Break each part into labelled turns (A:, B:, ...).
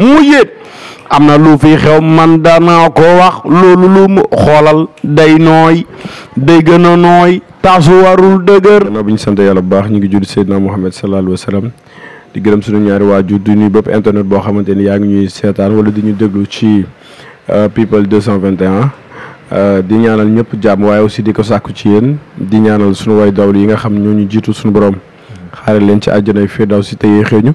A: mu yéeg am na lu fi xew man danaa ko wax loolu lu mu xoolal day nooy day gën a nooy taasu warul dëgër. na bi ñu sant yàlla bu baax ñu ngi julli Seydina Muhammad sallallahu alayhi wa sallam di gërëm suñu ñaari waajur di nuyu bépp internet boo xamante ni yaa ngi ñuy seetaan wala di ñu déglu ci euh, people 221. Euh, di ñaanal ñëpp jàmm waaye aussi di ko sàkku ci yéen di ñaanal suñu way dawlu yi nga xam ñoo ñu jiitu suñu borom xaare leen ci àjjanay firdaws si tey xëy ñu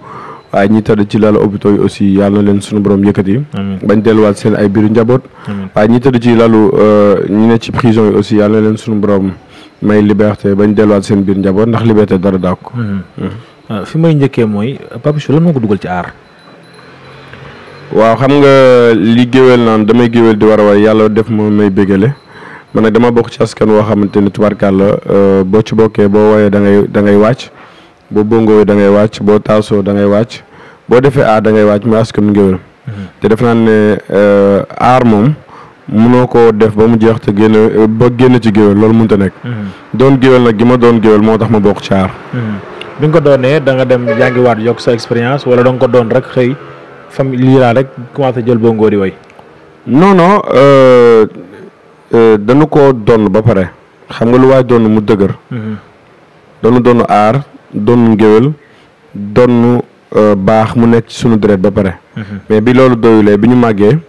A: waaye ñi tëdd ci lalu hôpitaux yi aussi yàlla na leen suñu borom yëkkati. bañ delluwaat seen ay biir njaboot. waaye ñi tëdd ci lalu euh, ñu ne ci prison yi aussi yàlla leen suñu borom may liberté bañ delluwaat seen biir njaboot ndax liberté dara daa ko.
B: Hmm. Euh, fi may njëkkee mooy Pape Chou lan moo ko dugal ci aar.
A: waaw xam nga li géwél naan damay géwél di war a way yàlla def ma may bégale man nag dama bokk ci askan woo xamante ni tubaarkàlla euh, boo ci bokkee boo woyee da ngay da ngay wàcc. boo bongo da ngay wàcc boo taasoo da ngay wàcc boo defee aar da ngay wàcc mais askan mu ngéwél mhm. te def naa ne euh, aar moom munoo ko def ba mu jeex te génn ba génn ci géwél loolu mënut a nekk. Mhm. doon géwél nag gi ma doon géwél moo tax ma bokk ci aar.
B: Mhm. bi nga ko doonee da nga dem jàngiwaat yokk sa expérience wala da ko doon rek xëy famille
A: lii laa rek jël bongo di way. non non euh, euh, ko doon ba pare xam nga lu waay doon mu dëgër. dañu doon aar. doon ngéwél doon euh, baax mu nekk ci suñu deret ba pare. Mhm. mais bi loolu doyulee bi ñu màggee. Mhm.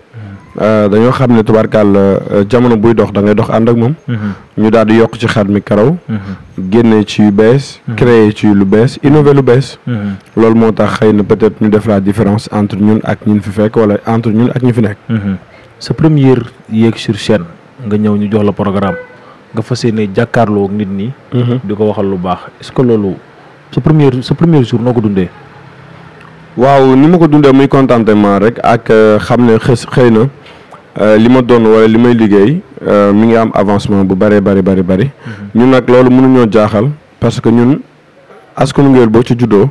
A: Euh, dañoo xam ne tubaarkàll euh, jamono buy dox da ngay dox ànd ak moom. Mhm. ñu daal di yokk ci xar mi karaw. génne ci yu bees. créer ci lu bees innover lu bees. loolu moo tax xëy na peut-être ñu def la différence entre ñun ak ñun fi fekk walla entre ñun ak ñu fi nekk. sa première yéeg sur chaîne nga ñëw ñu
B: jox la programme nga fa yéene jàkkaarloo ak nit di ko waxal lu baax sa premier sa premier jour noo ko dundee.
A: waaw ni ma ko dundee muy contentement rek ak euh, xam ne xës xëy na euh, li ma doon wala li may liggéey euh, mi ngi am avancement bu bëree bëri bari bari mhm. ñun nag loolu mënuñoo jaaxal parce que ñun askanu Ngéwél boo ci juddoo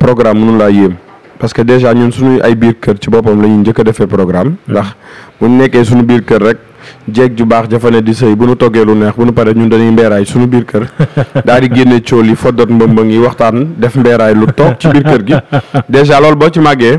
A: programme mënu laa yéem. parce que déjà ñun suñu ay biir kër ci boppam la ñuy njëkk a defee programme. Mhm. ndax bu nekkee suñu biir kër rek. jeeg ju baax jafa ne di sëy bu nu toggee lu neex bu nu paree ñun dañuy mbeeraay suñu biir kër daal di génne cool yi foddat mbëmba ngi waxtaan def mbeeraay lu toog ci biir kër gi déjà loolu boo ci màggee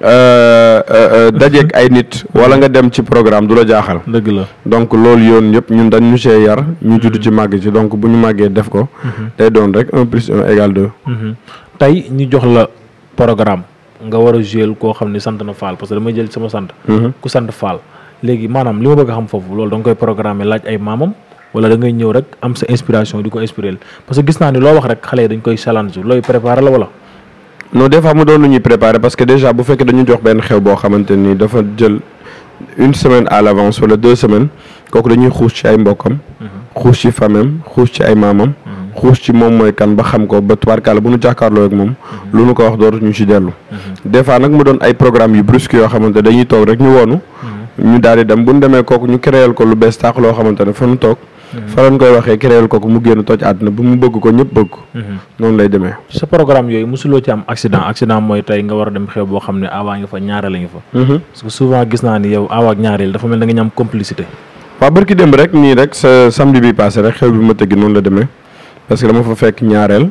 A: euh, euh, euh, dajeeg ay nit wala nga dem ci programme du la jaaxal. dëgg la donc lool yoon yëpp ñun dañ ñu see yar. ñu mm-hmm. judd ci màgg ci donc bu ñu màggee def ko. Mm-hmm. day doon rek un plus un égal deux. Mm-hmm. tey ñu jox la programme nga war a
B: jouer koo xam ne sant na Fall parce que léegi maanaam li ma bëgg xam foofu loolu da nga koy programmer laaj ay maamam wala da ngay ñëw rek am sa inspiration di ko inspirer parce que gis naa ni loo wax rek xale yi dañ koy challenge looy préparer la wala.
A: non des fois mu doon lu ñu préparer parce que déjà bu fekkee dañu jox benn xew boo xamante ni dafa jël une semaine à l'avance wala deux semaines kooku dañuy xuus ci ay mbokkam. Mhm. xuus ci famem xuus ci ay maamam. Mhm. xuus ci moom mooy kan ba xam ko ba tubaarkaale bu nu jàkkaarloo ak moom. Mhm. lu nu ko wax dootuñu ci dellu. des fois nag mu doon ay programme yu brusque yoo xamante dañuy toog rek ñu woonu. ñu daal di dem bu ñu demee kooku ñu créel ko lu bees taax loo xamante ne fa nu toog. Hmm. fa lañ koy waxee créel kooku mu génn toj àdduna bu mu bëgg ko ñëpp bëgg ko. Hmm. noonu lay demee.
B: sa programme yooyu mosuloo ci am accident hmm. accident mooy tey nga war a dem xew boo xam ne awa
A: nga sa samedi bi passé rek xew bi ma tëggi noonu la demee parce que dama fa fekk ñaareel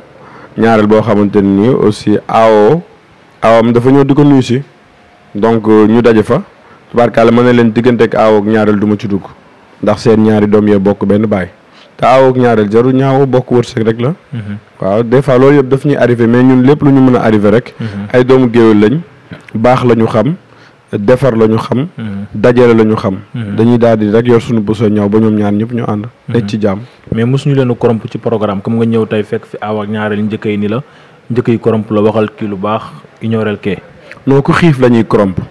A: dafa ñëw di ko nuyu si donc euh, ñu daje fa. tubaarkàlla mën na leen digganteeg aawo ak ñaareel du ma ci dugg ndax seen ñaari doom yee bokk benn baay te aawo ñaareel jaru ñaaw bokk wërsëg rek la. Mhm. waaw des fois loolu yëpp daf ñuy arrivé mais ñun lépp lu ñu mën a arrivé rek. Mhm. ay doomu géwél lañ. baax la ñu xam. defar la ñu xam. Mhm. dajale la ñu xam. dañuy daal di rek yor suñu bësoo ñaw ba ñoom ñaar ñëpp ñu ànd. nekk ci jàmm. mais mosuñu leen a corrompe ci programme comme nga ñëw tey fekk
B: fi aaw ak ñaareel njëkk yi ni la njëkk yi corrompe la waxal kii lu baax ignoreel kee. non ku
A: xiif la ñuy corrompe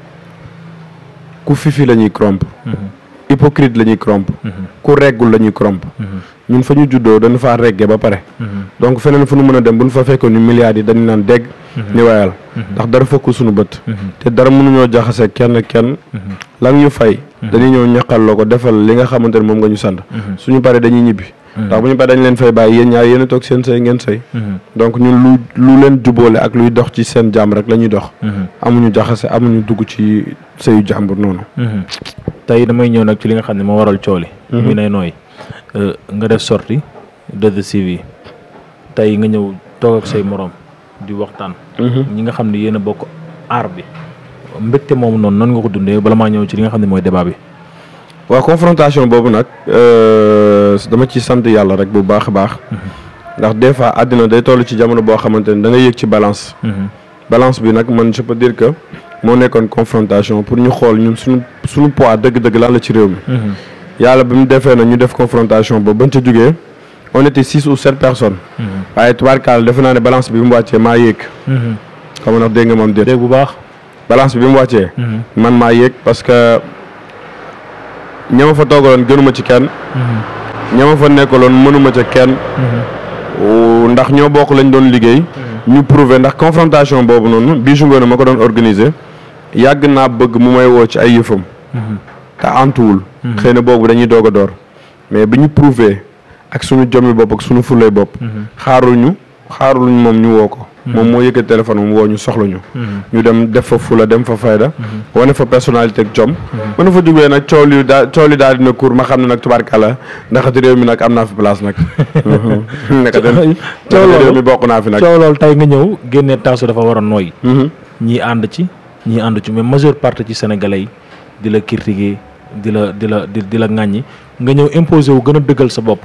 A: ku fifi la ñuy corrompre mhm. hypocrite la ñuy corrompre mhm. ku reggul la ñuy corrompre mhm. ñun fa ñu juddoo dañu fa reggee ba pare donc feneen fu nu mën a dem bu ñu fa fekkoon ñu milliards yi dañu naan dégg ni wayal ndax dara fëkku suñu bët te dara mënuñoo jaxase kenn kenn lan ñu fay dañuy ñëw ñaqal loo ko defal li nga xamante ne moom nga ñu sant suñu paree dañuy ñibbi Hmm. ndax bu ñu ba dañ leen fay bàyyi yéen ñaar yéen a toog seen sëy ngeen sëy hmm. donc ñun lu lu leen jubóole ak luy dox ci seen jàmm rek lañuy dox hmm. amuñu jaxase amuñu dugg ci sëyu jàmbur noonu tey damay ñëw nag ci li nga xam ne moo waral
B: cooli muy nay nooy euh, nga def sorti de The CV tey nga ñëw toog ak say moroom di waxtaan ñi nga xam ne yéen a bokk aar bi mbégte moomu noonu nan nga ko dundee bala maa ñëw ci li nga xam ne mooy débat bi
A: waa confrontation boobu nag euh, dama ci sant yàlla rek bu baax a baax. ndax des fois àddina day toll ci jamono boo xamante ne da yéeg ci balance. Mhm. balance bi nag man je peux dire que moo nekkoon confrontation pour ñu xool ñun suñu suñu poids dëgg-dëgg lan la ci réew mi. Mhm. yàlla bi mu defee na ñu def confrontation boobu bañ ca jógee on était six ou sept personnes. Mhm. waaye tubaarkaal defe naa ne balance bi mu wàccee maa yéeg. xam nga ndax dégg nga moom déet. bu baax. balance bi mu wàccee. man maa yéeg parce que. ñama fa toogaloon gënuma ci kenn.
C: Mm-hmm.
A: ñama fa nekkaloon mënuma ca kenn. Mm-hmm. ndax ñoo bokk lañ doon liggéey. Mm-hmm. ñu prouver ndax confrontation boobu noonu bii su ma ko doon organiser yàgg naa bëgg mu may woo ci ay yëfam. te antuwul. xëy na boobu dañuy doog a door mais bi ñu prouver ak sunu jommi bopp ak sunu fulay bopp. ñu xaaruñu moom ñu woo ko. moom moo yëkkati téléphone am woo ñu soxla ñu. ñu dem def fa fula dem fa fayda. wane fa personnalité ak jom. mën na fa jógee nag coow li daa coow li daal dina kuur ma xam ne nag tubaarkàlla ndax réew mi nag am naa fi place nag. naka dem coow loolu réew bokk naa fi nag. coow
B: loolu tey nga ñëw génne taasu dafa war a nooy. Mhm. ñii ànd ci ñii ànd ci mais majeure partie ci sénégalais yi di la critiquer di la di la di la ŋàññi nga ñëw imposer wu gën a dëggal sa bopp.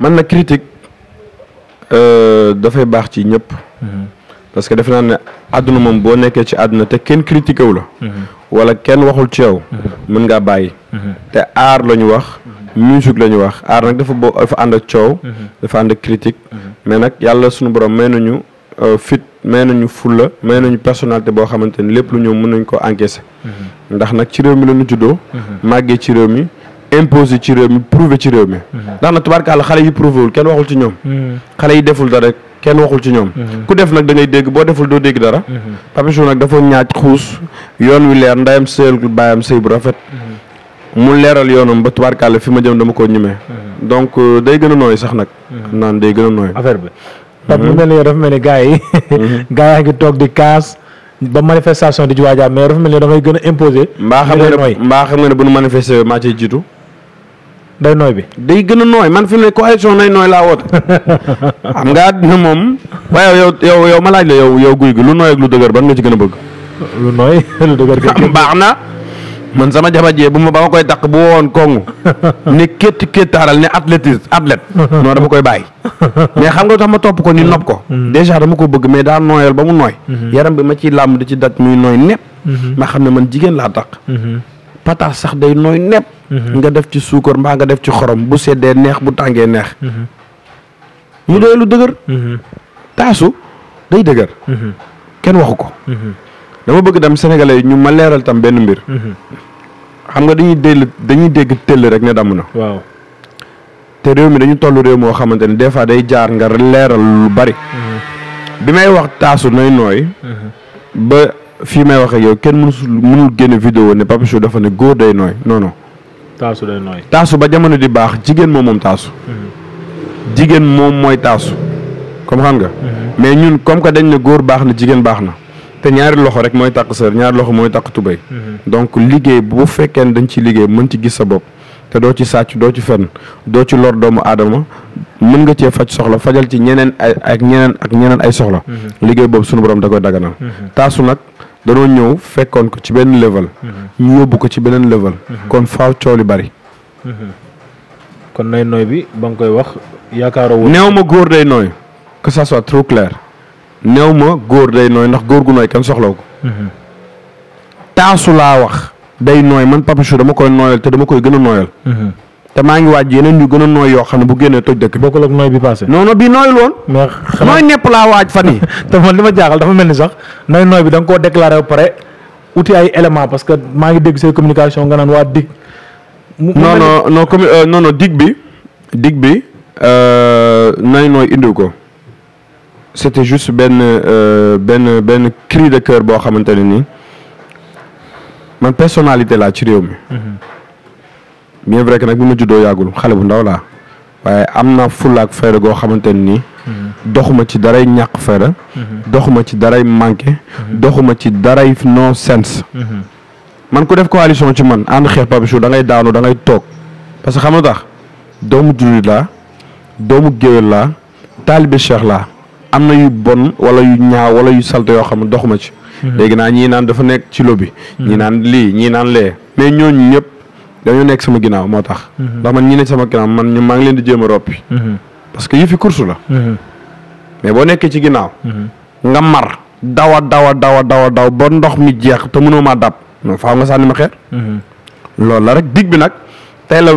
A: man na critique Euh, dafay baax ci ñëpp. Mhm. parce que defe naa ne àdduna moom boo nekkee ci àdduna te kenn critiqué wu la. Mhm. wala kenn waxul ci yow. Mhm. mën ngaa bàyyi. te aar la ñu wax. musique la ñu wax aar nag dafa boo dafa ànd ak coow. dafa ànd ak critique. mais nag yàlla suñu borom may nañu euh, fit may nañu fulla may nañu personnalité boo xamante ni lépp lu ñëw mën nañ ko encaisser. ndax nag ci réew mi la ñu juddoo. màggee ci réew mi. imposé ci réew mi prouvé ci réew mi mhm. ndax na tubaarkàlla xale yi prouvé kenn waxul ci ñoom mhm. xale yi deful dara kenn waxul ci ñoom mhm. ku def nag da ngay dégg boo deful doo dégg dara Papichou nag dafa ñaaj xuus yoon wi leer ndayam sëyal baayam sëy bu rafet mu leeral yoonam ba tubaarkàlla fi ma jëm dama koo ñemee donc euh, day gën a nooy sax nag xam naan day gën a nooy affaire bi
B: pap mu mel ni yow mel ni gars yi gars yaa ngi toog di kaas ba manifestation di ci waajaam mais dafa mel ni gën a imposé mbaa xam nga ne
A: mbaa ne bu nu maa ciy jiitu day nooy bi day gën a nooy man fi mu ne coalition nay nooy laa woote xam nga àddina moom waaye yow yow yow ma laaj la yow yow guy gi lu nooy ak lu dëgër ban nga ci gën a bëgg. lu nooy lu dëgër kay baax na. man sama jabar jee bu ma ba ma koy daq bu woon kongu ne kétti kéttaaral ne athlétisme athlète non dama koy bàyyi mais xam nga tax ma topp ko ni nopp ko mm-hmm. dèjà dama ko bëgg mais daa nooyal ba mu nooy mm-hmm. yaram bi ma ciy làmb di ci daj muy nooy nepp mm-hmm. ma xam ne man jigéen laa takk pataas sax day nooy nepp mhm. nga def ci suukar mbaa nga def ci xorom bu seddee neex bu tàngee neex
C: ñu
A: mhm. doy lu dëgër mhm. taasu day dëgër kenn waxu ko dama bëgg dem sénégalais ñu ma leeral tam benn mbir xam nga dañuy dégg dañuy dégg tëll rek ne damm na waaw te réew mi dañu toll réew moo xamante ne des fois day jaar nga leeral lu bari bi may wax taasu nooy nooy fii may wax ak yow kenn mënusul mënul génne vidéo ne Papa Sow dafa ne góor day nooy non non.
B: taasu day nooy.
A: taasu ba jamono di baax jigéen moo moom taasu.
B: Mhm.
A: jigéen moom mooy taasu. comme xam nga. Mhm. mais ñun comme que dañ ne góor baax na jigéen baax na. te ñaari loxo rek mooy takk sër ñaari loxo mooy takk tubéy. Mhm. donc liggéey bu fekkee ne dañ ci liggéey mën ci gis sa bopp. te doo ci sàcc doo ci fenn doo ci lor doomu aadama mën nga cee faj soxla fajal ci ñeneen ay ak ñeneen ak ñeneen ay soxla. liggéey boobu suñu borom da koy daganal. danoo ñëw fekkoon ko ci benn level. ñu yóbbu ko ci beneen level. kon faaw coow li bari.
B: kon nooy nooy bi ba nga koy wax yaakaaroo woon. néew ma
A: góor day nooy que ça ma góor day nooy ndax góor gu nooy kan soxlaw ko. Mhm. taasu laa wax. day nooy man Papa Chou dama koy nooyal te dama koy gën a nooyal. Mhm. te maa ngi waaj yeneen yu gën a nooy yoo xam ne bu génnee toj dëkk bi. bokkul ak nooy bi paase. non non bii nooyul woon. mais xanaa nooy laa waaj fan te man li ma jaaxal dafa mel ni sax nooy nooy bi da nga koo déclaré
B: ba pare uti ay éléments parce que maa ngi dégg say communication nga naan waa dig. mu
A: non non non commu euh, bi dig bi euh, nooy nooy indiw ko c'était juste benn euh, benn benn cri de cœur boo xamante ne nii man personnalité laa ci réew mi. Mhm. bien vrai que nag bi ma juddoo yàggul xale bu ndaw laa waaye am naa fulaak fayda goo xamante nii mhm. doxuma ci daray ñàkk fayda mhm. doxuma ci daray manqué mhm. doxuma ci daray no sens man ku def coalition ci man ànd xeex Pabichou da ngay daanu da toog parce que xam nga tax doomu jullit laa doomu géwél laa taalibe cheikh laa am na yu bon wala yu ñaaw wala yu salte yoo xam ne doxuma ci léegi naa ñii naan dafa nekk ci lobby ñii naan lii ñii naan lee mais ñooñu ñëpp dañoo nekk sama ginnaaw moo tax. Mhm. ndax man ñi ne sama ginnaaw man ñu maa ngi leen di jéem a roppi. Mhm. parce que yëfi course la. Mhm. mais boo nekkee ci ginnaaw. nga mar dawa dawa dawa dawa daw ba ndox mi jeex te mënoo maa dab non faaw nga sànni ma xet loolu la rek dig bi nag tey la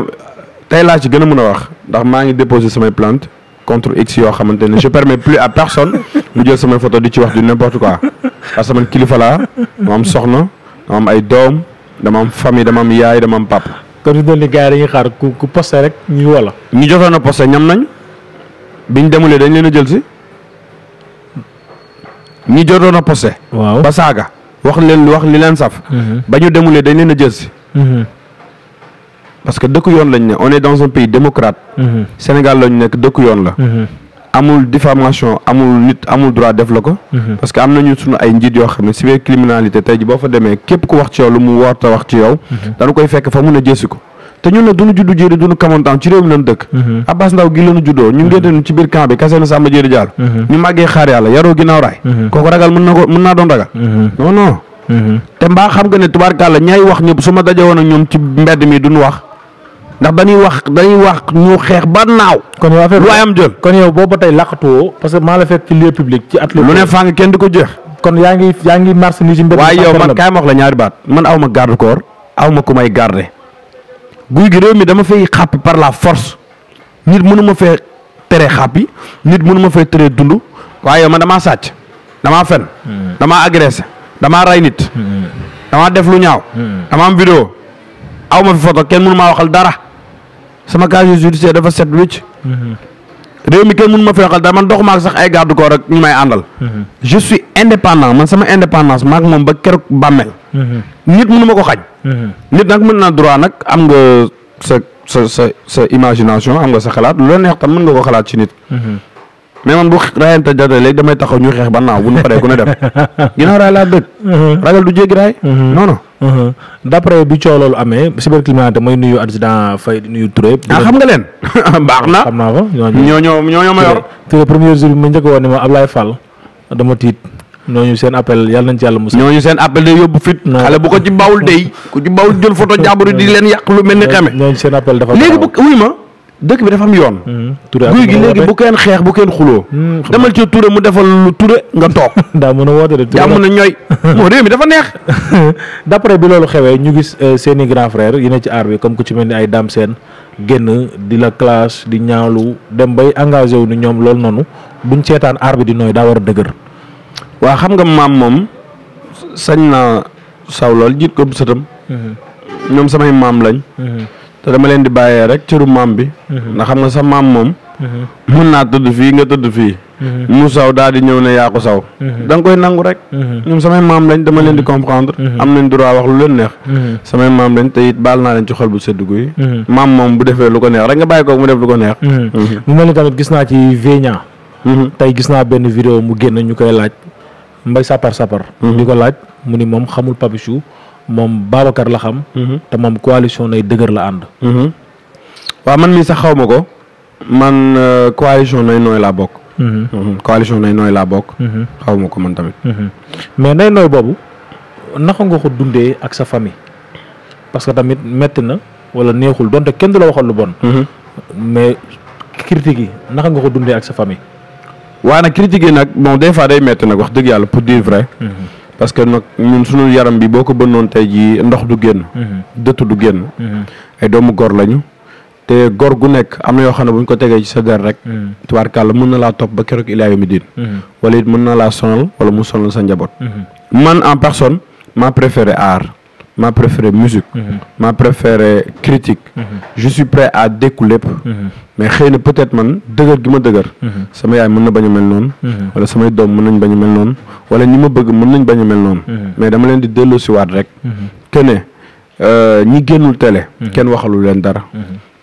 A: tey laa ci gën a mën a wax ndax maa ngi déposé samay plant contre X yoo xamante ne je permets plus à personne mu jël samay photo di ci wax du n'importe quoi parce que man kilifa laa ma am soxna ma am dama am famille dama am yaay dama am papa. kon su doon ni gars yi dañuy xaar ku ku rek ñu wala. ñu jotoon a posté ñam nañ bi ñu demulee dañ leen a jël si ñi jotoon a posté. waaw ba saaga wax leen wax li leen saf. Mhm. ba ñu demulee dañ leen a jël si. Mhm. parce que dëkk yoon lañ ne on est dans un pays démocrate. Mhm. Sénégal lañ nekk dëkk yoon la. amul diffamation amul nit amul droit def la ko. Mhm. parce que am nañu suñu ay njiit yoo xam ne cybercriminalité tey ji boo fa demee képp ku wax ci yow lu mu war ta wax ci yow. Mhm. dañu koy fekk fa mun a jësi ko te ñun nag duñu juddu jéeri duñu kamantaan ci réew mi lañu dëkk. Mhm. Abbas Ndaw gi lañu juddoo ñu ngénte ci biir camp bi kaseenu Samba Jéeri Jaal. ñu màggee xaar yàlla yaroo ginnaaw raay. kooku ragal mën naa doon ragal. non te mbaa xam nga ne tubaarkàlla ñaay ndax dañuy wax dañuy wax ñu xeex ba naaw. kon yow affaire am jël. kon yow boobu ba tey làqatuwoo parce que maa la fekk ci lieu public. ci atelier lu ne fàng kenn di ko jeex. kon yaa ngi yaa ngi marché nii ci mbedd. waaye yow man kaay ma wax la ñaari baat man aw ma garde corps aw ma ku may garde guy gi réew mi dama fay xàppi par la force nit mënu ma fee tere xàppi nit mënu ma fee tere dund waaye yow man damaa sàcc damaa fen hmm. damaa agressé damaa rey nit hmm. damaa def lu ñaaw hmm. damaa am vidéo aw ma fi photo sama casier judiciaire dafa set wécc. Mhm. réew mi kenn mënu ma feexal daal man doxuma ak sax ay garde corps rek ñu may àndal. Mhm. je indépendant man sama indépendance maak moom ba keroog bàmmeel. Mhm. nit mënu ma ko xaj. nit nag mën na droit nag am nga sa sa sa sa imagination am nga sa xalaat lu la neex tam mën nga ko xalaat ci nit. mais man bu raayante jotee léegi damay taxaw ñu xeex ba naaw bu ñu paree ku ne dem ginnaaw raay laa dëkk.
B: ragal du jéggi raay. Mhm. non non. Mhm. bi coow loolu amee cybercriminalité mooy nuyu accident fay nuyu Touré. ah xam nga leen. baax na xam naa ko ñoo ñoo ñoo ma yor. Touré premier jour bi ma njëkk woon ne ma Ablaye Fall dama tiit. ñooñu seen appel yàlla nañ ci yàlla musal.
A: ñooñu seen appel day yóbbu fit. xale bu ko ci bawul dey ku ci bawul jël photo jàmbur lu mel ni xeme. ñooñu seen appel dafa dëkk bi dafa am yoon. Mm-hmm. guy gi léegi bu kenn xeex bu kenn xuloo. Mm-hmm. demal ca Touré mu defal lu Touré nga toog. daa mën a woote de Touré daa mën a ñooy. moo réew
B: mi dafa neex. d' après bi loolu xewee ñu gis euh, seen i grand frère yi ne ci aar bi comme ku ci mel ni ay Dame seen génn di la classe di ñaalu dem bay engagé wu ni ñoom loolu noonu
A: buñ seetaan aar bi di nooy daa war a dëgër. waa xam nga maam moom sañ na saw lool jiit ko sëtam. Mm-hmm. ñoom samay maam lañ. te dama leen di bàyyee rek cëru maam bi. Mhm. ndax xam nga sa maam moom. mun mhm. naa tëdd fii nga tëdd fii. Mhm. mu saw daal di ñëw ne yaa ko saw. da koy nangu rek. ñoom samay maam lañ dama leen di comprendre. am nañ droit wax lu neex. samay maam lañ te it baal naa leen ci xol bu sedd guy. maam moom bu defee lu ko neex rek nga bàyyi ko mu def lu ko neex. mu mel ni tamit gis naa ci Veña.
B: tey gis naa benn vidéo mu génn ñu koy laaj. mbay sapar sapar. di ko laaj mu ni moom xamul Papichou moom Babacar la xam. Mhm. te moom coalition nay dëgër la ànd.
A: Mhm. waaw man mii sax xaw ma ko. man euh, coalition nay nooy laa bokk. Mhm. coalition nay nooy laa bokk. xaw ma ko man tamit. mais nay nooy boobu
B: naka nga dundee ak sa famille parce que tamit metti na wala neexul donte kenn du la waxal lu bon. mais critique yi naka nga dundee ak sa famille.
A: waaw nag critique yi nag bon des fois metti nag wax dëgg yàlla pour dire vrai. parce que nag ñun suñu yaram bi boo ko bënnoon tey jii ndox du génn. Mhm. dëtt du génn. Mhm. ay doomu góor lañu. te góor gu nekk am na yoo xam ne bu ñu ko tegee ci sa der rek. Mhm. tubaarkàlla mun na laa topp ba keroog ilaa yawmi diin. wala it mën na laa sonal wala mu sonal sa njaboot. man en personne ma préféré aar. ma préférée musique. Mhm. ma préférée critique. Mhm. je suis prêt à dékku lépp. Mhm. mais xëy na peut-être man dëgër gi ma dëgër. sama yaay mën na bañ a mel noonu. wala samay doom mën nañ bañ a mel noonu. wala ñi ma bëgg mën nañ baña a mel noonu. mais dama leen di delloosiwaat rek. que ne euh, ñi génnul télé. kenn waxalu leen dara.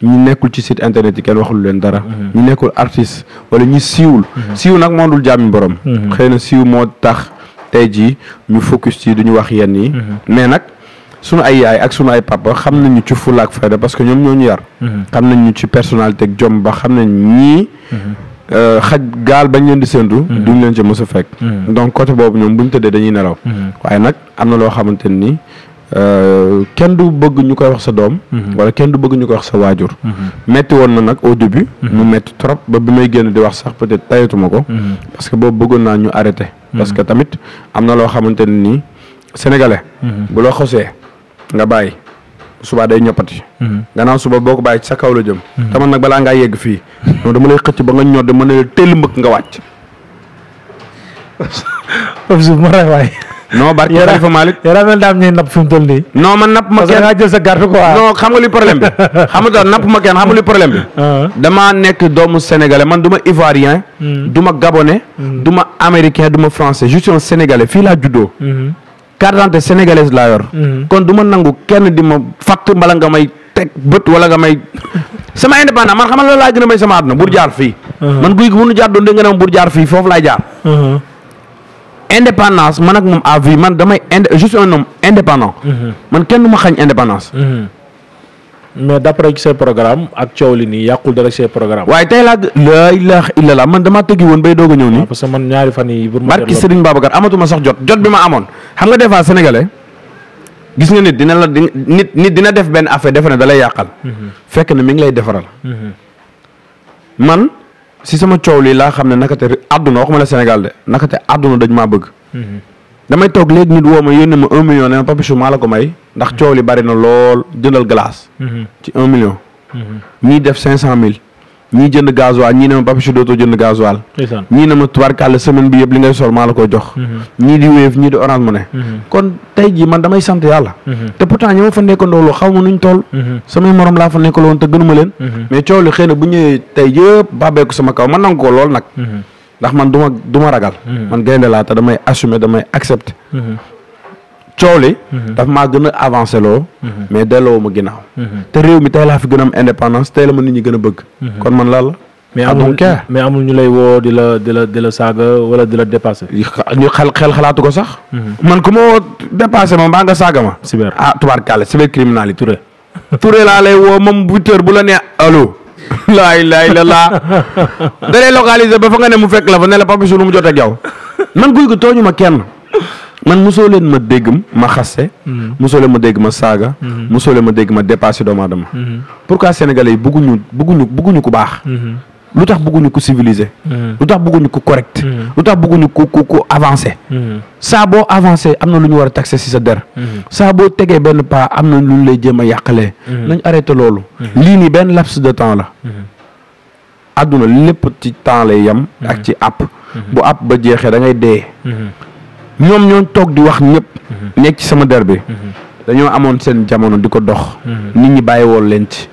A: ñi nekkul ci site internet yi kenn waxul leen dara. ñi nekkul artiste wala ñi siiwul. siiw nag moo dul jàmmi borom. xëy na siiw moo tax tey jii ñu focus ci duñu wax yenn yi. mais sunu ay yaay ak sunu ay papa xam nañu ci fulla ak fayda parce que ñoom ñoo ñu yar. Mhm. xam ñu ci personnalité ak jom ba xam nañ ñii. Mhm. Euh, xaj gaal bañ leen di séntu. Mhm. duñ leen ci mës a fekk. donc côté boobu ñoom bu ñu tëddee dañuy nelaw. waaye nag am na loo xamante ni euh, kenn du bëgg ñu koy wax sa doom. wala kenn du bëgg ñu koy wax sa waajur. metti woon na nag au début. mu metti trop ba bi may génn di wax sax peut-être tayatuma ko. parce que boobu bëggoon naa ñu arrêté. parce que tamit am na loo xamante ni sénégalais. bu xosee. nga bàyyi subaa day ñoppati mhm. gannaaw suba boo ko bàyyi ci sa kaw mhm. te man nag balaa ngaa yegg fii non dama lay xëcc ba nga ñor de mën na teel mbëkk nga wàcc
B: of
A: barke Xalifa Malick yow daa mel napp fi mu toll nii non man napp ma kenn nga jël sa garde quoi non xam nga li problème bi ah. damaa nekk doomu sénégalais man du ma ivoirien mhm. du ma gabonais du ma français je suis fii laa juddoo carte d'identité sénégalaise laa yor. Mhm. kon du ma nangu kenn di ma fàtt mbala nga may teg bët wala nga may. sama indépendant man xamal la laa gën a may sama àdduna bur jaar fii. Mhm. man guy gi mënu jaar doon jaar fii foofu laay jaar. Mhm. indépendance man ak moom à vie man damay ind je suis un homme indépendant. man kenn du ma xañ indépendance. mais d'après
B: ses programme ak coow li nii yàqul dara ses programme
A: waaye tey laa laa ilaaha illallaah man dama tëggi woon bay doog a ñëw nii. Ah, fan yii. barki Serigne Babacar amatuma sax jot jot bi ma amoon. xam nga des fois sénégalais gis nga nit dina la nit nit dina def benn affaire defe ne da lay yàqal. Mhm. fekk na mi ngi lay defaral. Mhm. man si sama coow lii laa xam ne naka te àdduna ma la Sénégal de naka te àdduna dañ maa bëgg. Mhm. damay toog léegi nit woo ma yónnee ma un million ne ma Papichou maa la ko may ndax coow li bari na lool jëndal glace. ci un million. ñii def cinq cent mille. ñii jënd gasoil ñii ne ma Pape Chou dootoo jënd gasoil ñii ne ma tubaarkàlla semaine bi yëpp li ngay sol maa la koy jox mhm. ñii di Wave ñii di Orange Money mhm. kon tey jii man damay sant yàlla mhm. te pourtant ñi ma fa nekkandoolu xaw ma nuñ toll samay morom laa fa nekkaloon te gënuma leen mais coow li xëy bu ñëwee tey yëpp bàbbeeku sama kaw man nangu ko lool nag ndax man du ma ragal man gaynde laa te damay assumer damay accepter coow li mhm. daf maa gën a avancé loo mhm. mais delloo ma ginnaaw mhm. te réew mi tey laa fi gën am indépendance tey la ma nit ñi gën a bëgg kon man lan la mais amul mais lay woo di la di la di saaga wala di la dépassé ñu xel xel xalaatu ko sax man ku ma woo dépassé ma mbaa nga saaga ma cyber ah tubaarkàlla cyber criminalité Touré Touré laa lay woo moom huit heures bu la nee allo laay laay la laa da lay ba fa nga ne mu fekk la fa ne la Pape lu mu jot ak yow man guy gi ma kenn man musoo leen ma dégg ma xaste mosoo mm-hmm. leen ma dégg ma saaga mosoo mm-hmm. leen ma dégg ma dépassé doomu aadama mm-hmm. pourquoi sénégalais yi bëgguñu bëgguñu bëgguñu ku baax lu tax bëgguñu ko civilisé lu tax bëgguñu ko correct lu tax bëgguñu ko ku ku avancé saa boo avancé am na lu ñu war a taxé si sa der saa boo tegee benn pas am na lu ñu lay jéem a yàqalee nañ arrêté loolu lii nii benn laps de temps la àdduna lépp ci temps lay yem ak ci app bu app ba jeexee da ngay dee ñoom ñoo toog di wax ñëpp. Mhm. nekk ci sama der bi. Mhm. dañoo amoon seen jamono di ko dox. Mhm. nit ñi bàyyi woon leen ci.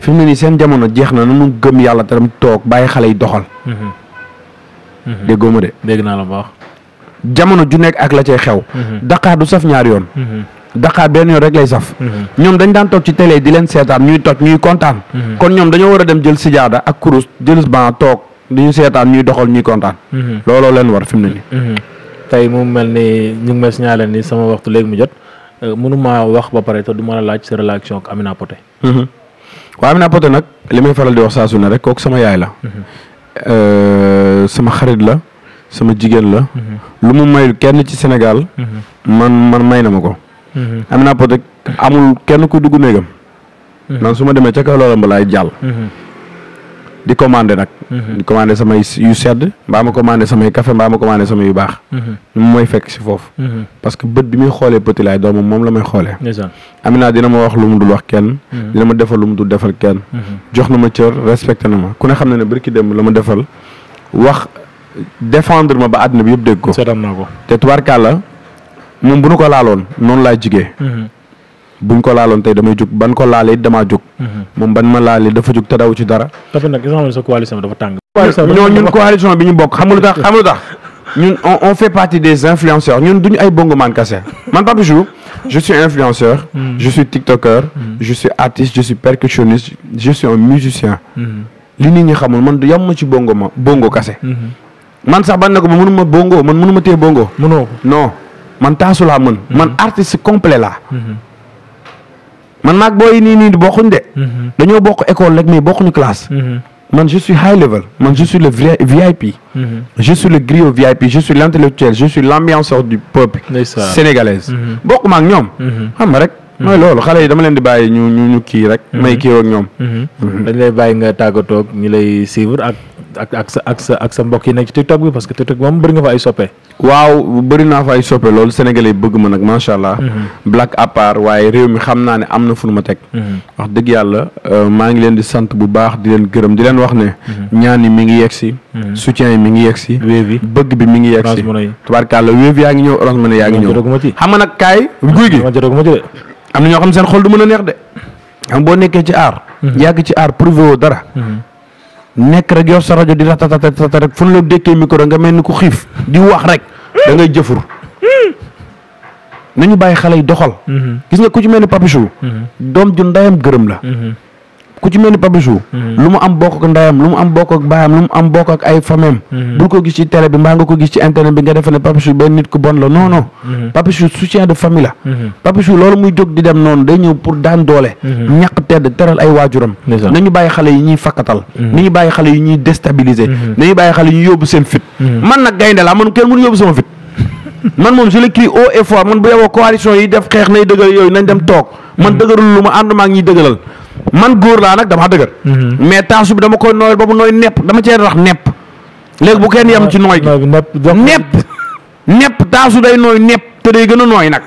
A: fi mu ne nii seen jamono jeex na nanu gëm yàlla tam toog bàyyi xale yi doxal. déggoo ma de. dégg naa la baax. jamono ju nekk ak la cay xew. Dakar du saf ñaar yoon. Dakar benn yoon rek lay saf. ñoom dañ daan toog ci tele di leen seetaan ñuy toj ñuy kontaan. kon ñoom dañoo war a dem jël sijaada ak kurus jël ban toog di ñu seetaan ñuy doxal ñuy kontaan. looloo leen tey mu mel ni ñu ngi may signalé ni sama waxtu
B: léegi mu jot euh, mënuma wax ba pare te du ma la laaj sa relation ak Amina Poté.
A: Mhm. waaw Amina Poté nag li may faral di wax saa su ne rek kooku sama yaay la. Mhm. Euh, sama xarit la sama jigéen la. Mhm. lu mu mayul kenn ci senegal man man may na ma ko. Amina Poté amul kenn ku dugg néegam. man su ma demee ca kaw loola mbalaay jàll. di commandé nag. Mhm. di commandé samay yu sedd mbaa ma commandé samay café mbaa ma commandé samay yu baax. ñu mhm. mooy fekk si foofu. Mhm. parce que bët bi muy xoolee Petit Laye doomam moom la may xoolee. Amina dina ma wax lu mu dul wax kenn. dina ma defal lu mu dul defal kenn. jox na ma cër respecté na ma ku ne xam na ne barki démb la ma defal wax défendre ma ba àddina bi yëpp dégg ko. seetaan naa ko te tubaarkàlla moom bu nu ko laaloon noonu laa jigee. buñ ko laaloon tey damay jug ban ko laalee it damaa
B: mhm.
A: moom ban ma laalee dafa jug te ci dara. dafa sa coalition dafa tàng. ñoo ñun coalition bi ñu bokk xam tax xam tax ñun on fait partie des influenceurs ñun duñu ay bongoman kase man Pape Chou je suis influenceur. Mhm. je suis tiktoker. Mhm. je suis artiste un musicien. li nit ñi xamul man yam ma ci bongo ma bongo kase. man sax ban ne ma mënuma bongo man mënuma téye bongo. mënoo man taasu laa mën. man artiste complet laa. man maag booy nii nii bokkuñ de. Mm-hmm. dañoo bokk école rek mais bokkuñu classe. Mm-hmm. man je high level man je suis le VIP. Mm-hmm. je la le griot VIP je suis l'intellectuel je suis l'ambianceur du peuple. sénégalaise. bokk ma ñoom. xam nga rek. mooy loolu xale dama leen di bàyyi ñu ñu ñu kii rek. may kii ak ñoom.
B: dañ lay bàyyi nga tàggatoo ak ñi lay suivre ak ak sa ak sa ak sa mbokk yi nekk ci TikTok bi parce que TikTok moom bëri nga fa ay soppe.
A: waaw bëri naa fa ay soppe loolu sénégalais bëgg ma nag macha allah. Mhm. black à waaye réew mi xam naa ne am na fu mhm. wax dëgg yàlla euh, maa ngi leen di sant bu baax di leen gërëm di leen wax ne. Mhm. ñaan yi mi ngi yegg si. soutien yi mi ngi yegg si. bëgg bi mi ngi yegg si. tubaarkàlla wéef yaa ngi ñëw orange yaa ngi ñëw. xam nag kaay guy gi. am na ñoo xam seen xol du mën a neex de. xam nekk rek yor sa rajo di ratatata rek fu ñu la dékkee micro nga mel ni ku xiif di wax rek da ngay jëfur nañu bàyyi xale yi doxal mm-hmm. gis nga ku ci mel ni Papichou mm-hmm. doom ju ndayam gërëm la mm-hmm. ku ci mel ni Papichou mm-hmm. lu mu am bokk ak ndeyam lu mu am bokk ak baayam lu mu am bokk ak ay famem mm-hmm. bul ko gis ci télé bi mbaa nga ko gis ci internet bi nga defe ne Papichou nit ku bon la non non mm-hmm. soutien de famille la Papichou loolu muy jóg di dem noonu day ñëw pour daan doole ñàkk tedd teral ay waajuram nañu bàyyi xale yi ñuy fakkatal nañu bàyyi xale yi ñuy déstabiliser nañu bàyyi xale yi ñuy yóbbu seen fit man nag gaynde laa man kenn mënu yóbbu sama man góor laa nag damaa dëgër. Mhm. mais taasu bi dama koy nooyal ba mu nooy nepp dama cee rax nepp. léegi bu kenn yem ci nooy gi nepp nepp taasu day nooy nepp te day gën a nooy nag.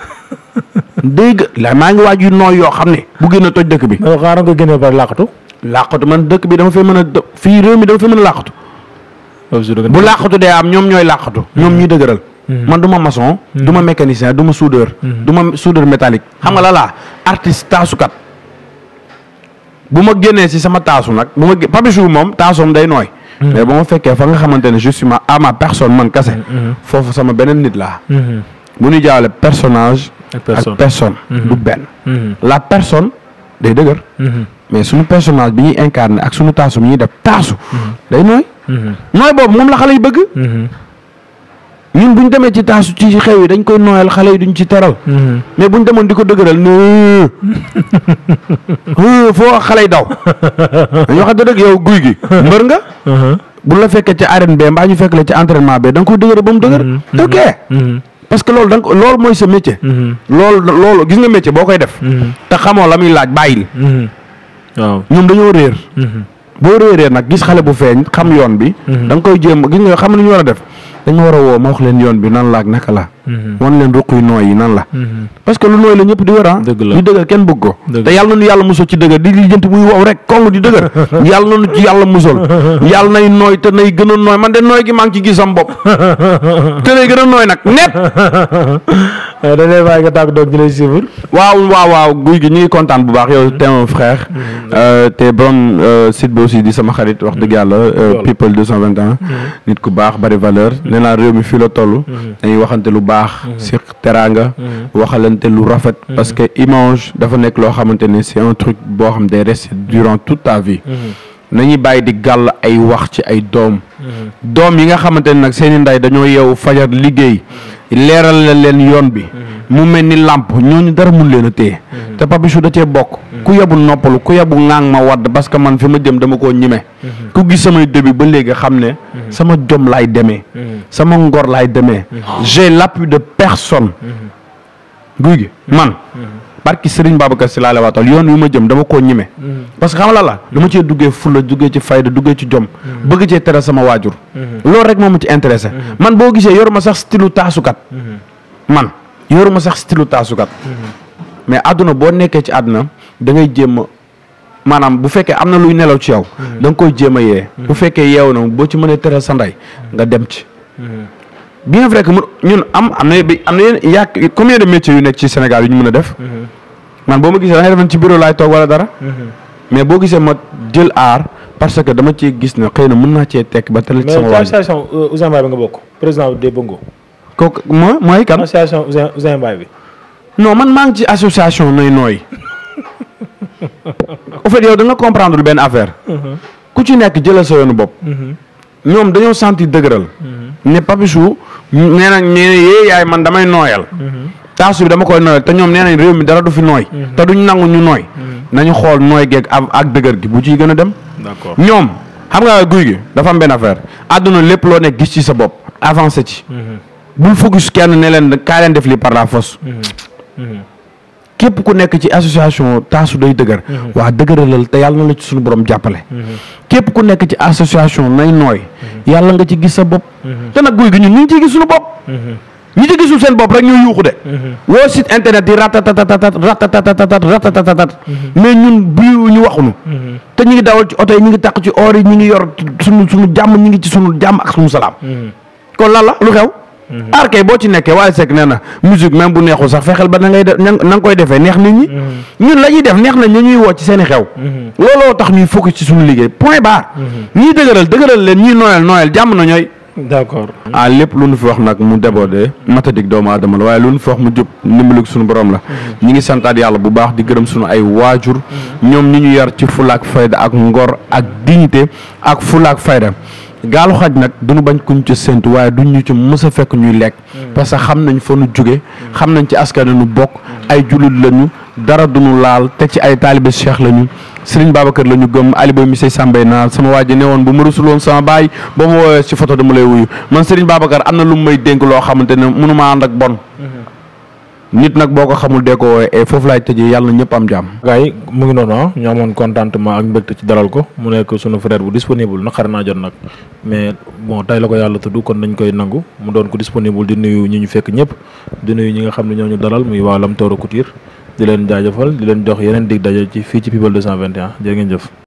A: dégg la maa ngi waaj yu nooy yoo xam ne bu gën a toj dëkk bi. mais xaaral nga génnee ba man dëkk bi dama fee mën a dë fii réew mi dama fee mën a làqatu. bu làqatu dee am ñoom ñooy làqatu. ñoom ñuy mhm. dëgëral. Mhm. man du ma maçon. du ma mécanicien du ma soudeur. du ma soudeur métallique. xam nga la laa bu ma génnee si sama taasu nag bu ma Papichou moom taasoom day nooy. Mm-hmm. mais bu ma fekkee fa nga xamante ne justement à ma personne man kase. Mm-hmm. foofu sama beneen nit
C: mm-hmm.
A: bu ñu jaawale personnage. ak personne ak bi ñuy incarné ak suñu taasu bi ñuy def taasu. day nooy. nooy boobu moom la xale yi bëgg. ñun bu ñu demee ci taasu ci xew yi dañ koy nooyal xale yi duñ ci teral. Mm-hmm. mais bu ñu demoon di ko dëgëral ne foo xale yi daw. yoo xam ne dëgg yow guy gi. mbër nga. Uh-huh. bu la fekkee ci arène bee ñu fekk la ci entraînement bee da nga koy ba mu dëgër. Mm-hmm. ok mm-hmm. parce que loolu da nga loolu mooy sa métier. loolu loolu gis nga métier boo koy def. te xamoo laaj bàyyil. waaw ñoom dañoo réer. boo réeree nag gis xale bu feeñ xam yoon bi. da koy jéem gis nga xam nañu war a def. dañ ma war a woo ma wax leen yoon bi nan la ak naka la. Mhm. wan leen ruq yu nooy yi nan la. Mhm. parce que lu nooy la ñëpp di wër ah. dëgër kenn bëgg ko. te yàlla nañu yàlla musal ci dëgër di lijjanti muy wow rek kong di dëgër yàlla nañu ci yàlla musal yàlla nay nooy te nay gën a nooy man de nooy gi maa ci gis sam bopp te nay gën a nooy nag nepp. Eh, dañ nga tàggatoo ñu lay suivre. waaw waaw waaw guy gi ñu ngi kontaan bu baax yow te un frère. Mm-hmm. Euh, te borom euh, site bi aussi di sama xarit wax dëgg yàlla. Euh, mm-hmm. people 221. Mm-hmm. nit ku baax bari valeur. nee naa réew mi fii la toll. dañuy waxante lu baax. si teraanga. waxalante lu rafet. parce que image dafa nekk loo xamante ne c'est un truc boo xam day rester durant toute ta vie. nañuy bàyyi di gàll ay wax ci ay doom. doom yi nga xamante ne nag seen i ndey dañoo yeewu fajar liggéey. leeral la leen yoon bi mm-hmm. mu mel ni làmp ñu dara mun leen a téye mm-hmm. te Papichou da cee bokk mm-hmm. ku yabu noppalu ku yebu ŋaang ma wadd parce que man fi ma jëm dama koo ñime ku gis samay début ba léegi xam ne sama jom laay demee sama ngor laay demee j'ai l'appui de personne guy gi man barki Serigne Babacar si laa la waatal yoon wi ma jëm dama koo ñime mm-hmm. parce que xam la la ma cee duggee fulla duggee ci fayda duggee ci jom mm-hmm. bëgg cee tere sama waajur mm-hmm. loolu rek moo ma ci intéressé man boo gisee yoru ma sax stylu taasukat man yoru ma sax stylu taasukat mais àdduna boo nekkee ci àdduna da ngay jéem a maanaam bu fekkee am na luy nelaw ci yow da nga koy jéem a yee bu fekkee yeew na boo ci mënee tere sa ndey nga dem ci bien vrai que ñun am am na am de métiers yu nekk ci Sénégal yu ñu mën a def. Mm-hmm. man boo ma gisee da ci bureau laay toog wala dara. Mm-hmm. mais boo gisee ma jël aar parce que dama ci gis ne xëy na mën naa cee tekk ba teel ci sama. waa mais
B: association euh, Ouzin Mbaye bi nga bokk président des Bongo.
A: kooku mooy mooy kan.
B: association Ouzin Mbaye bi.
A: non man maa ngi ci association nooy nooy. au fait yow nga comprendre benn affaire. Mm-hmm. ku ci nekk jëlal sa yoonu bopp. ñoom dañoo sentir dëgëral. ne Papichou. nee nañ na yaay man damay nooyal. Mhm. taasu bi dama koy nooyal te ñoom nee nañ réew mi dara du fi nooy. Mhm. te duñ nangu ñu nooy. Mhm. nañu xool nooy geeg ak dëgër gi bu ci gën a dem. d'accord ñoom xam nga guy gi dafa am benn affaire àdduna lépp loo nekk gis ci sa bopp avancé ci. bul focus kenn ne leen kaa leen def lii par la force. képp ku nekk ci association taasu day dëgër mhm. waa dëgëralal te yàlla na la ci suñu borom jàppale mhm. képp ku nekk ci association nay nooy mhm. yàlla nga ci gis sa bopp te nag guy gi ñun ñu ngi ciy gis suñu bopp ñi ci gisul seen bopp rek ñoo yuuxu de woo site internet yi ratatatatat ratatatatat ratatatatat mais ñun bu ñu waxuñu te ñu ngi dawal ci oto yi ñu ngi tàq ci or yi ñu ngi yor suñu suñu jàmm ñu ngi ci suñu jàmm ak suñu salaam kon lan lu xew aar mhm. kay boo ci nekkee waaye Seck nee na musique même bu neexul sax fexeel ba na na nga koy defee neex nit ñi. Mhm. ñun la ñuy def neex nañ la ñuy woo ci seen i xew. Mhm. looloo tax ñuy focus ci suñu liggéey point barre. ñuy dëgëral dëgëral leen ñuy noyal noyal jàmm na ñooy. d'accord ah, lépp lu nu fi wax nag mu débordé matadik doomu aadama la waaye lu nu fi wax mu jub ndimbalug suñu borom la ñi ngi santaat yàlla bu baax di gërëm suñu ay waajur ñoom ñu ñu yar ci fulaak fayda ak ngor ak dignité ak fulaak fayda gaalu xaj nag du duñu bañ kuñ ci séntu waaye duñ ñu ci mës a fekk ñuy lekk hmm. parce que xam nañ fa nu jóge hmm. xam nañ ci askan nu bokk ay jullit lañu dara du nu laal te ci ay taalibe cheikh lañu sëriñ Babacar la ñu gëm ali booy monsieur Sambey naa sama waa ji ne woon bu ma rusul woon sama baay ba ma woowee ci photo dama lay wuyu man sëriñ Babacar am na lu mu may dénk loo xamante ne mënu ma ànd ak bon hmm. nit nag boo ko xamul dee ko wooye et eh, foofu laay tëjee yàlla na ñëpp am jàmm. gars yi mu ngi noonu ah, ñu amoon contentement ak mbégte
B: ci dalal ko mu nekk sunu frère bu disponible nag xar naa jot nag mais bon tey la ko yàlla tudd kon nañ koy nangu mu doon ko disponible di nuyu ñu ñu fekk ñëpp di nuyu ñi nga xam ne ñoo ñu dalal muy waa Lamtoro Couture di leen jaajëfal di leen jox yeneen dig daje ci fii ci People 221 jërë ngeen jëf.